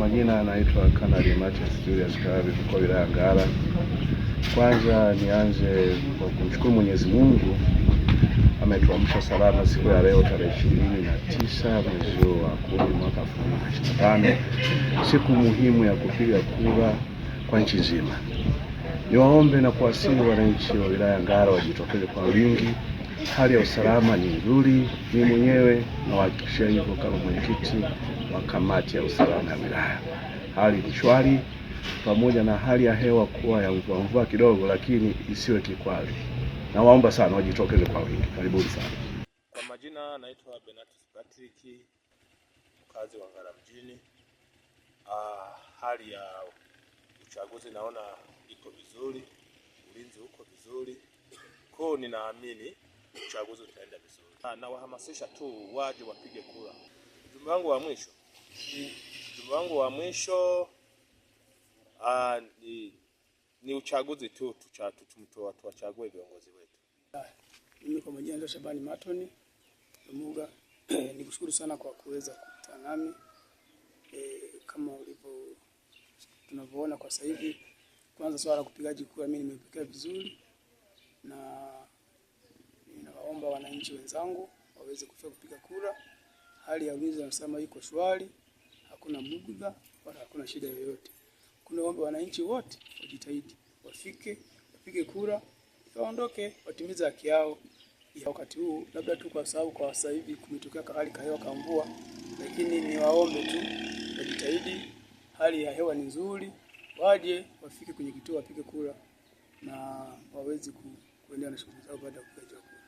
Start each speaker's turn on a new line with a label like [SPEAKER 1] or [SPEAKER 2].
[SPEAKER 1] majina anaitwa Kanali Martins Julius Kahabi, kwa wa wilaya Ngara. Kwanza nianze kwa kumshukuru Mwenyezi Mungu ametuamsha salama siku ya leo tarehe ishirini na tisa mwezi wa kumi mwaka elfu mbili na ishirini na tano siku muhimu ya kupiga kura kwa nchi nzima. Niwaombe na kuwasihi wananchi wa wilaya Ngara wajitokeze kwa wingi. Hali ya usalama ni nzuri, ni mwenyewe nawahakikishia hivyo kama mwenyekiti wa kamati ya usalama ya wilaya. Hali ni shwari pamoja na hali ya hewa kuwa ya mvua mvua kidogo, lakini isiwe kikwali Nawaomba sana wajitokeze kwa wingi. Karibuni sana.
[SPEAKER 2] Kwa majina naitwa Benatus Patrick, mkazi wa Ngara mjini. Ah, hali ya uchaguzi naona iko vizuri, ulinzi uko vizuri, kwa ninaamini uchaguzi utaenda vizuri. Ah, nawahamasisha tu waje wapige kura. Ujumbe wangu wa mwisho Ujumbe wangu wa mwisho aa, ah, ni, ni uchaguzi tu tuwachague viongozi wetu.
[SPEAKER 3] Mimi kwa majina Shabani Matoni Muga nikushukuru sana kwa kuweza kukutana nami e, kama ulivyo tunavyoona kwa sasa hivi. Kwanza swala la kupigaji kura mimi nimepokea vizuri, na ninawaomba wananchi wenzangu waweze kufika kupiga kura. Hali ya ulinzi na usalama iko shwari hakuna mugudha wala hakuna shida yoyote. Kuna ombe wananchi wote wajitahidi, wafike wapige kura, waondoke, watimize haki yao ya wakati huu, labda tu kwa sababu kwa sasa hivi kumetokea hali ya hewa kamvua, lakini ni waombe tu wajitahidi, hali ya hewa ni nzuri, waje wafike kwenye kituo wapige kura na waweze kuendelea na shughuli zao baada ya kupiga kura.